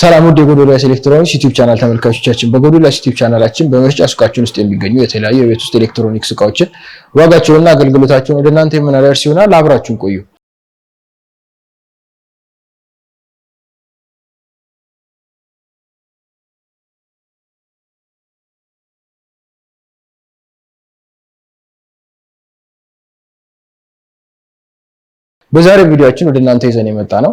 ሰላም ውድ የጎዶልያስ ኤሌክትሮኒክስ ዩቲዩብ ቻናል ተመልካቾቻችን፣ በጎዶልያስ ዩቲዩብ ቻናላችን በመሸጫ ሱቃችን ውስጥ የሚገኙ የተለያዩ የቤት ውስጥ ኤሌክትሮኒክስ እቃዎችን ዋጋቸውንና አገልግሎታቸውን ወደ እናንተ የምናደርስ ይሆናል። አብራችሁን ቆዩ። በዛሬ ቪዲዮችን ወደ እናንተ ይዘን የመጣ ነው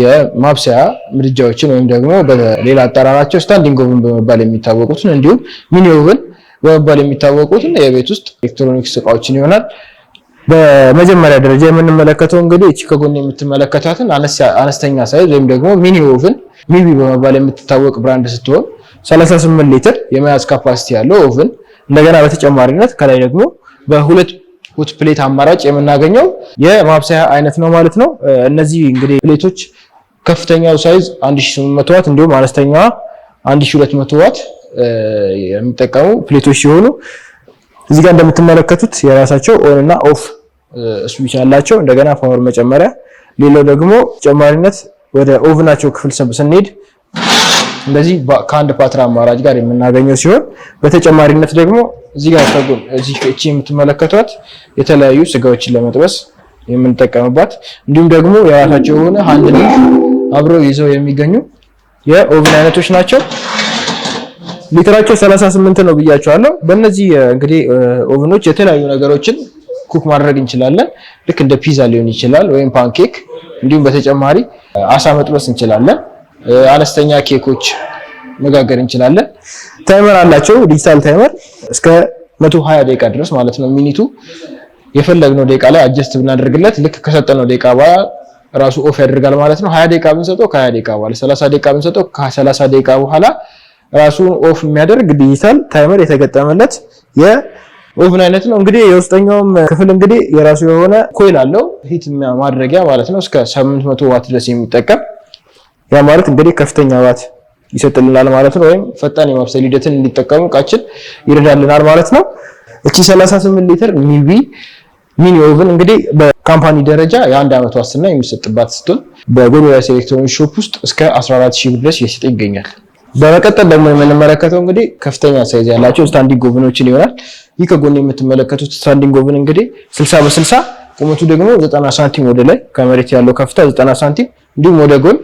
የማብሰያ ምድጃዎችን ወይም ደግሞ በሌላ አጠራራቸው ስታንዲንግ ኦቭን በመባል የሚታወቁትን እንዲሁም ሚኒ ኦቭን በመባል የሚታወቁትን የቤት ውስጥ ኤሌክትሮኒክስ እቃዎችን ይሆናል። በመጀመሪያ ደረጃ የምንመለከተው እንግዲህ እቺ ከጎን የምትመለከታትን አነስተኛ ሳይዝ ወይም ደግሞ ሚኒ ኦቭን ሚቢ በመባል የምትታወቅ ብራንድ ስትሆን 38 ሊትር የመያዝ ካፓሲቲ ያለው ኦቭን እንደገና በተጨማሪነት ከላይ ደግሞ በሁለት ሁት ፕሌት አማራጭ የምናገኘው የማብሰያ አይነት ነው ማለት ነው። እነዚህ እንግዲህ ፕሌቶች ከፍተኛው ሳይዝ 1800 ዋት እንዲሁም አነስተኛዋ 1200 ዋት የሚጠቀሙ ፕሌቶች ሲሆኑ እዚህ ጋር እንደምትመለከቱት የራሳቸው ኦን እና ኦፍ ስዊች አላቸው። እንደገና ፓወር መጨመሪያ፣ ሌላው ደግሞ ተጨማሪነት ወደ ኦቭናቸው ክፍል ስንሄድ እንደዚህ ከአንድ ፓትራ አማራጭ ጋር የምናገኘው ሲሆን በተጨማሪነት ደግሞ እዚህ ጋር ከጎን እዚህ እቺ የምትመለከቷት የተለያዩ ስጋዎችን ለመጥበስ የምንጠቀምባት እንዲሁም ደግሞ የራሳቸው የሆነ ሀንድል አብረው ይዘው የሚገኙ የኦቭን አይነቶች ናቸው። ሊትራቸው 38 ነው ብያቸዋለሁ። በእነዚህ እንግዲህ ኦቭኖች የተለያዩ ነገሮችን ኩክ ማድረግ እንችላለን። ልክ እንደ ፒዛ ሊሆን ይችላል ወይም ፓንኬክ፣ እንዲሁም በተጨማሪ አሳ መጥበስ እንችላለን። አነስተኛ ኬኮች መጋገር እንችላለን። ታይመር አላቸው ዲጂታል ታይመር እስከ 120 ደቂቃ ድረስ ማለት ነው። ሚኒቱ የፈለግነው ደቂቃ ላይ አጀስት ብናደርግለት ልክ ከሰጠነው ደቂቃ በኋላ ራሱ ኦፍ ያደርጋል ማለት ነው። 20 ደቂቃ ብንሰጠው ከ20 ደቂቃ በኋላ 30 ደቂቃ ብንሰጠው ከ30 ደቂቃ በኋላ ራሱን ኦፍ የሚያደርግ ዲጂታል ታይመር የተገጠመለት የኦቭን አይነት ነው። እንግዲህ የውስጠኛውም ክፍል እንግዲህ የራሱ የሆነ ኮይል አለው ሂት ማድረጊያ ማለት ነው። እስከ 800 ዋት ድረስ የሚጠቀም ያ ማለት እንግዲህ ከፍተኛ ባት ይሰጥልናል ማለት ነው። ወይም ፈጣን የማብሰል ሂደትን እንዲጠቀሙ እቃችን ይረዳልናል ማለት ነው። እቺ 38 ሊትር ሚቢ ሚኒ ኦቭን እንግዲህ በካምፓኒ ደረጃ የአንድ ዓመት ዋስትና የሚሰጥባት ስትሆን በጎዶልያስ ኤሌክትሮኒክስ ሾፕ ውስጥ እስከ 14000 ብር ድረስ እየሰጠ ይገኛል። በመቀጠል ደግሞ የምንመለከተው እንግዲህ ከፍተኛ ሳይዝ ያላቸው ስታንዲንግ ኦቭኖችን ይሆናል። ይህ ከጎን የምትመለከቱት ስታንዲንግ ኦቭን እንግዲህ 60 በ60 ቁመቱ ደግሞ 90 ሳንቲም ወደ ላይ ከመሬት ያለው ከፍታ 90 ሳንቲም እንዲሁም ወደ ጎን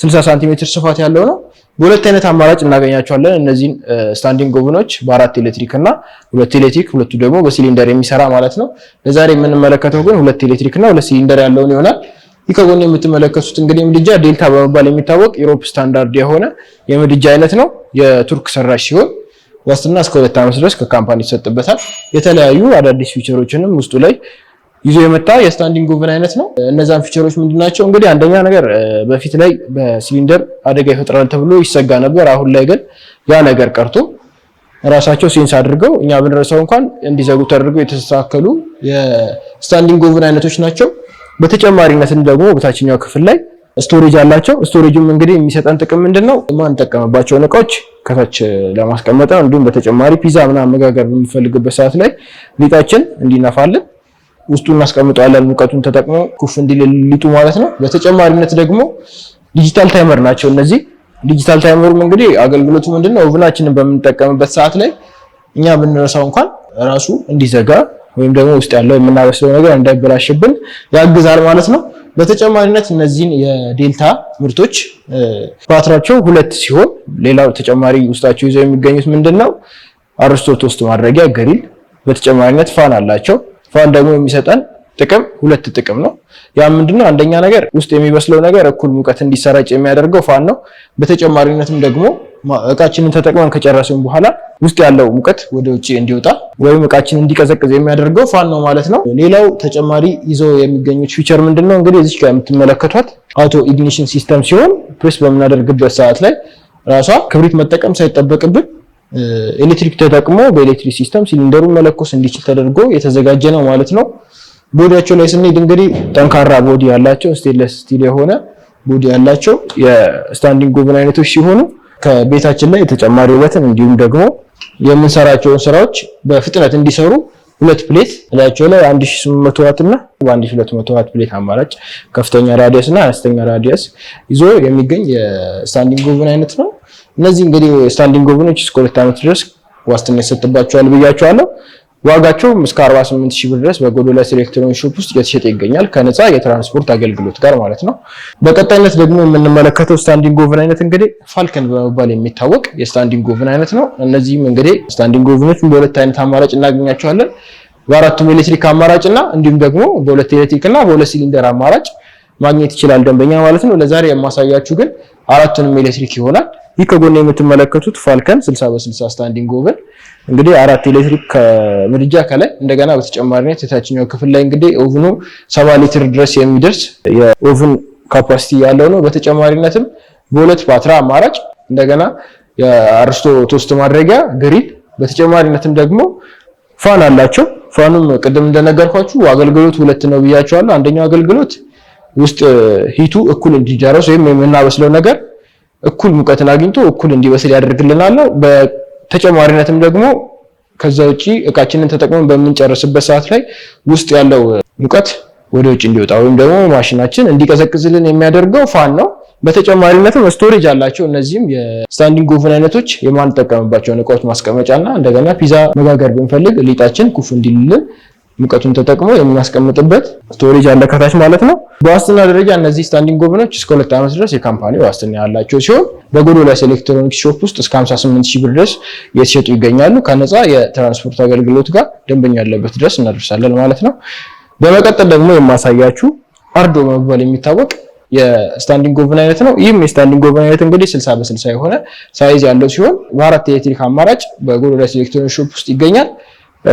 60 ሳንቲሜትር ስፋት ያለው ነው። በሁለት አይነት አማራጭ እናገኛቸዋለን። እነዚህን ስታንዲንግ ኦቨኖች በአራት ኤሌክትሪክ እና ሁለት ኤሌክትሪክ ሁለቱ ደግሞ በሲሊንደር የሚሰራ ማለት ነው። ለዛሬ የምንመለከተው ግን ሁለት ኤሌክትሪክ እና ሁለት ሲሊንደር ያለውን ይሆናል። ይህ ከጎን የምትመለከቱት እንግዲህ ምድጃ ዴልታ በመባል የሚታወቅ ዩሮፕ ስታንዳርድ የሆነ የምድጃ አይነት ነው። የቱርክ ሰራሽ ሲሆን ዋስትና እስከ ሁለት ዓመት ድረስ ከካምፓኒ ይሰጥበታል። የተለያዩ አዳዲስ ፊቸሮችንም ውስጡ ላይ ይዞ የመጣ የስታንዲንግ ኦቨን አይነት ነው። እነዛን ፊቸሮች ምንድን ናቸው? እንግዲህ አንደኛ ነገር በፊት ላይ በሲሊንደር አደጋ ይፈጥራል ተብሎ ይሰጋ ነበር። አሁን ላይ ግን ያ ነገር ቀርቶ ራሳቸው ሴንስ አድርገው እኛ ብንረሳው እንኳን እንዲዘጉ ተደርገው የተስተካከሉ የስታንዲንግ ኦቨን አይነቶች ናቸው። በተጨማሪነትም ደግሞ በታችኛው ክፍል ላይ ስቶሬጅ አላቸው። ስቶሬጅም እንግዲህ የሚሰጠን ጥቅም ምንድን ነው? የማንጠቀምባቸውን እቃዎች ከታች ለማስቀመጥ ነው። እንዲሁም በተጨማሪ ፒዛ ምናምን አመጋገር በሚፈልግበት ሰዓት ላይ ሊጣችን እንዲነፋልን ውስጡ እናስቀምጠዋለን ሙቀቱን ተጠቅሞ ኩፍ እንዲል ሊጡ ማለት ነው። በተጨማሪነት ደግሞ ዲጂታል ታይመር ናቸው እነዚህ። ዲጂታል ታይመሩም እንግዲህ አገልግሎቱ ምንድነው? ኦቭናችንን በምንጠቀምበት ሰዓት ላይ እኛ ብንረሳው እንኳን ራሱ እንዲዘጋ ወይም ደግሞ ውስጥ ያለው የምናበስለው ነገር እንዳይበላሽብን ያግዛል ማለት ነው። በተጨማሪነት እነዚህን የዴልታ ምርቶች ባትራቸው ሁለት ሲሆን ሌላው ተጨማሪ ውስጣቸው ይዘው የሚገኙት ምንድን ነው? አርስቶ ቶስት ማድረጊያ ገሪል፣ በተጨማሪነት ፋን አላቸው። ፋን ደግሞ የሚሰጠን ጥቅም ሁለት ጥቅም ነው። ያ ምንድነው? አንደኛ ነገር ውስጥ የሚበስለው ነገር እኩል ሙቀት እንዲሰራጭ የሚያደርገው ፋን ነው። በተጨማሪነትም ደግሞ እቃችንን ተጠቅመን ከጨረስን በኋላ ውስጥ ያለው ሙቀት ወደ ውጭ እንዲወጣ ወይም እቃችን እንዲቀዘቅዝ የሚያደርገው ፋን ነው ማለት ነው። ሌላው ተጨማሪ ይዞ የሚገኙት ፊቸር ምንድነው? እንግዲህ እዚች ጋር የምትመለከቷት አውቶ ኢግኒሽን ሲስተም ሲሆን ፕሬስ በምናደርግበት ሰዓት ላይ ራሷ ክብሪት መጠቀም ሳይጠበቅብን ኤሌክትሪክ ተጠቅሞ በኤሌክትሪክ ሲስተም ሲሊንደሩን መለኮስ እንዲችል ተደርጎ የተዘጋጀ ነው ማለት ነው። ቦዲያቸው ላይ ስንሄድ እንግዲህ ጠንካራ ቦዲ ያላቸው ስቴንለስ ስቲል የሆነ ቦዲ ያላቸው የስታንዲንግ ጎብን አይነቶች ሲሆኑ ከቤታችን ላይ የተጨማሪ ውበትን እንዲሁም ደግሞ የምንሰራቸውን ስራዎች በፍጥነት እንዲሰሩ ሁለት ፕሌት እላቸው ላይ 1800 ዋት እና 1200 ዋት ፕሌት አማራጭ ከፍተኛ ራዲየስ እና አነስተኛ ራዲየስ ይዞ የሚገኝ የስታንዲንግ ጎብን አይነት ነው። እነዚህ እንግዲህ ስታንዲንግ ኦቨኖች እስከ ሁለት ዓመት ድረስ ዋስትና ይሰጥባቸዋል ብያቸዋለሁ። ዋጋቸው እስከ 48 ሺህ ብር ድረስ በጎዶላስ ኤሌክትሮኒክስ ሾፕ ውስጥ እየተሸጠ ይገኛል ከነፃ የትራንስፖርት አገልግሎት ጋር ማለት ነው። በቀጣይነት ደግሞ የምንመለከተው ስታንዲንግ ኦቨን አይነት እንግዲህ ፋልከን በመባል የሚታወቅ የስታንዲንግ ኦቨን አይነት ነው። እነዚህም እንግዲህ ስታንዲንግ ኦቨኖች በሁለት አይነት አማራጭ እናገኛቸዋለን። በአራቱም ኤሌክትሪክ አማራጭ እና እንዲሁም ደግሞ በሁለት ኤሌክትሪክ እና በሁለት ሲሊንደር አማራጭ ማግኘት ይችላል ደንበኛ ማለት ነው። ለዛሬ የማሳያችሁ ግን አራቱንም ኤሌክትሪክ ይሆናል። ይህ ከጎን የምትመለከቱት ፋልከን 60 በ60 ስታንዲንግ ኦቨን እንግዲህ አራት ኤሌክትሪክ ምድጃ ከላይ እንደገና በተጨማሪነት የታችኛው ክፍል ላይ እንግዲህ ኦቭኑ 70 ሊትር ድረስ የሚደርስ የኦቭን ካፓሲቲ ያለው ነው። በተጨማሪነትም በሁለት ፓትራ አማራጭ እንደገና የአርስቶ ቶስት ማድረጊያ ግሪል፣ በተጨማሪነትም ደግሞ ፋን አላቸው። ፋኑም ቅድም እንደነገርኳችሁ አገልግሎት ሁለት ነው ብያቸዋለሁ። አንደኛው አገልግሎት ውስጥ ሂቱ እኩል እንዲጃረስ ወይም የምናበስለው ነገር እኩል ሙቀትን አግኝቶ እኩል እንዲበስል ያደርግልናል። በተጨማሪነትም ደግሞ ከዛ ውጪ እቃችንን ተጠቅመን በምንጨርስበት ሰዓት ላይ ውስጥ ያለው ሙቀት ወደ ውጭ እንዲወጣ ወይም ደግሞ ማሽናችን እንዲቀዘቅዝልን የሚያደርገው ፋን ነው። በተጨማሪነትም ስቶሬጅ አላቸው። እነዚህም የስታንዲንግ ኦቨን አይነቶች የማንጠቀምባቸውን እቃዎች ማስቀመጫ እና እንደገና ፒዛ መጋገር ብንፈልግ ሊጣችን ኩፍ እንዲልልን ሙቀቱን ተጠቅሞ የምናስቀምጥበት ስቶሬጅ አለ ከታች ማለት ነው። በዋስትና ደረጃ እነዚህ ስታንዲንግ ኦቨኖች እስከ ሁለት ዓመት ድረስ የካምፓኒ ዋስትና ያላቸው ሲሆን በጎዶልያስ ኤሌክትሮኒክስ ሾፕ ውስጥ እስከ 58 ሺህ ብር ድረስ እየተሸጡ ይገኛሉ። ከነፃ የትራንስፖርት አገልግሎት ጋር ደንበኛ ያለበት ድረስ እናደርሳለን ማለት ነው። በመቀጠል ደግሞ የማሳያችሁ አርዶ በመባል የሚታወቅ የስታንዲንግ ኦቨን አይነት ነው። ይህም የስታንዲንግ ኦቨን አይነት እንግዲህ 60 በ60 የሆነ ሳይዝ ያለው ሲሆን በአራት የኤሌክትሪክ አማራጭ በጎዶልያስ ኤሌክትሮኒክስ ሾፕ ውስጥ ይገኛል።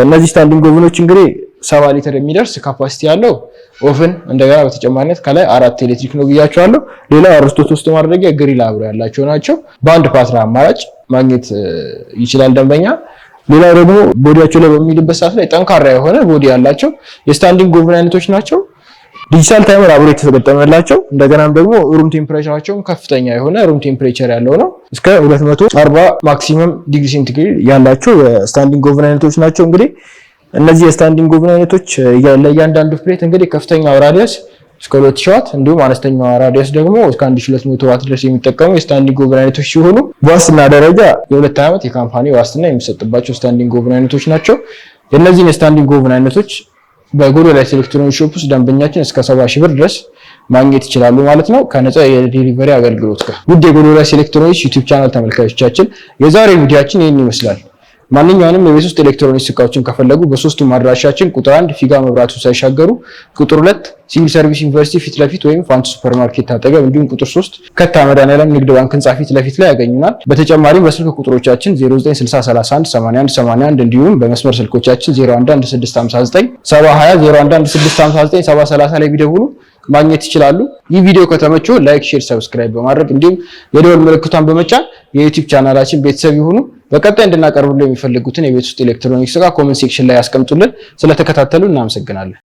እነዚህ ስታንዲንግ ኦቨኖች እንግዲህ ሰባ ሊትር የሚደርስ ካፓሲቲ ያለው ኦፍን እንደገና በተጨማሪነት ከላይ አራት ኤሌክትሪክ ነው ብያቸዋለሁ። ሌላ አርስቶ ቶስት ማድረጊያ ግሪል አብሮ ያላቸው ናቸው። በአንድ ፓትራ አማራጭ ማግኘት ይችላል ደንበኛ። ሌላ ደግሞ ቦዲያቸው ላይ በሚሄድበት ሰዓት ላይ ጠንካራ የሆነ ቦዲ ያላቸው የስታንዲንግ ኦቭን አይነቶች ናቸው። ዲጂታል ታይመር አብሮ የተገጠመላቸው እንደገናም ደግሞ ሩም ቴምፕሬቸራቸውም ከፍተኛ የሆነ ሩም ቴምፕሬቸር ያለው ነው። እስከ 240 ማክሲመም ዲግሪ ሴንቲግሬድ ያላቸው የስታንዲንግ ኦቭን አይነቶች ናቸው እንግዲህ እነዚህ የስታንዲንግ ኦቭን አይነቶች ለእያንዳንዱ ፕሌት እንግዲህ ከፍተኛው ራዲየስ እስከ 2000 ዋት እንዲሁም አነስተኛው ራዲየስ ደግሞ እስከ 1200 ዋት ድረስ የሚጠቀሙ የስታንዲንግ ኦቭን አይነቶች ሲሆኑ በዋስትና ደረጃ የሁለት ዓመት የካምፓኒ ዋስትና የሚሰጥባቸው ስታንዲንግ ኦቭን አይነቶች ናቸው። የእነዚህን የስታንዲንግ ኦቭን አይነቶች በጎዶልያስ ኤሌክትሮኒክስ ሾፕ ውስጥ ደንበኛችን እስከ 70 ሺህ ብር ድረስ ማግኘት ይችላሉ ማለት ነው፣ ከነፃ የዴሊቨሪ አገልግሎት ጋር። ውድ የጎዶልያስ ኤሌክትሮኒክስ ዩቲዩብ ቻናል ተመልካቾቻችን የዛሬ ቪዲዮአችን ይህን ይመስላል። ማንኛውንም የቤት ውስጥ ኤሌክትሮኒክስ እቃዎችን ከፈለጉ በሶስቱም አድራሻችን ቁጥር አንድ ፊጋ መብራቱ ሳይሻገሩ፣ ቁጥር ሁለት ሲቪል ሰርቪስ ዩኒቨርሲቲ ፊት ለፊት ወይም ፋንቱ ሱፐርማርኬት አጠገብ እንዲሁም ቁጥር ሶስት ከታ መድኃኒዓለም ንግድ ባንክ ህንፃ ፊት ለፊት ላይ ያገኙናል። በተጨማሪም በስልክ ቁጥሮቻችን 0960318181 እንዲሁም በመስመር ስልኮቻችን 011659 7020፣ ላይ ቢደውሉ ማግኘት ይችላሉ። ይህ ቪዲዮ ከተመቸው ላይክ፣ ሼር፣ ሰብስክራይብ በማድረግ እንዲሁም የደወል ምልክቷን በመጫን የዩቲዩብ ቻናላችን ቤተሰብ ይሁኑ። በቀጣይ እንድናቀርብሎ የሚፈልጉትን የቤት ውስጥ ኤሌክትሮኒክስ ጋር ኮመንት ሴክሽን ላይ ያስቀምጡልን። ስለተከታተሉ እናመሰግናለን።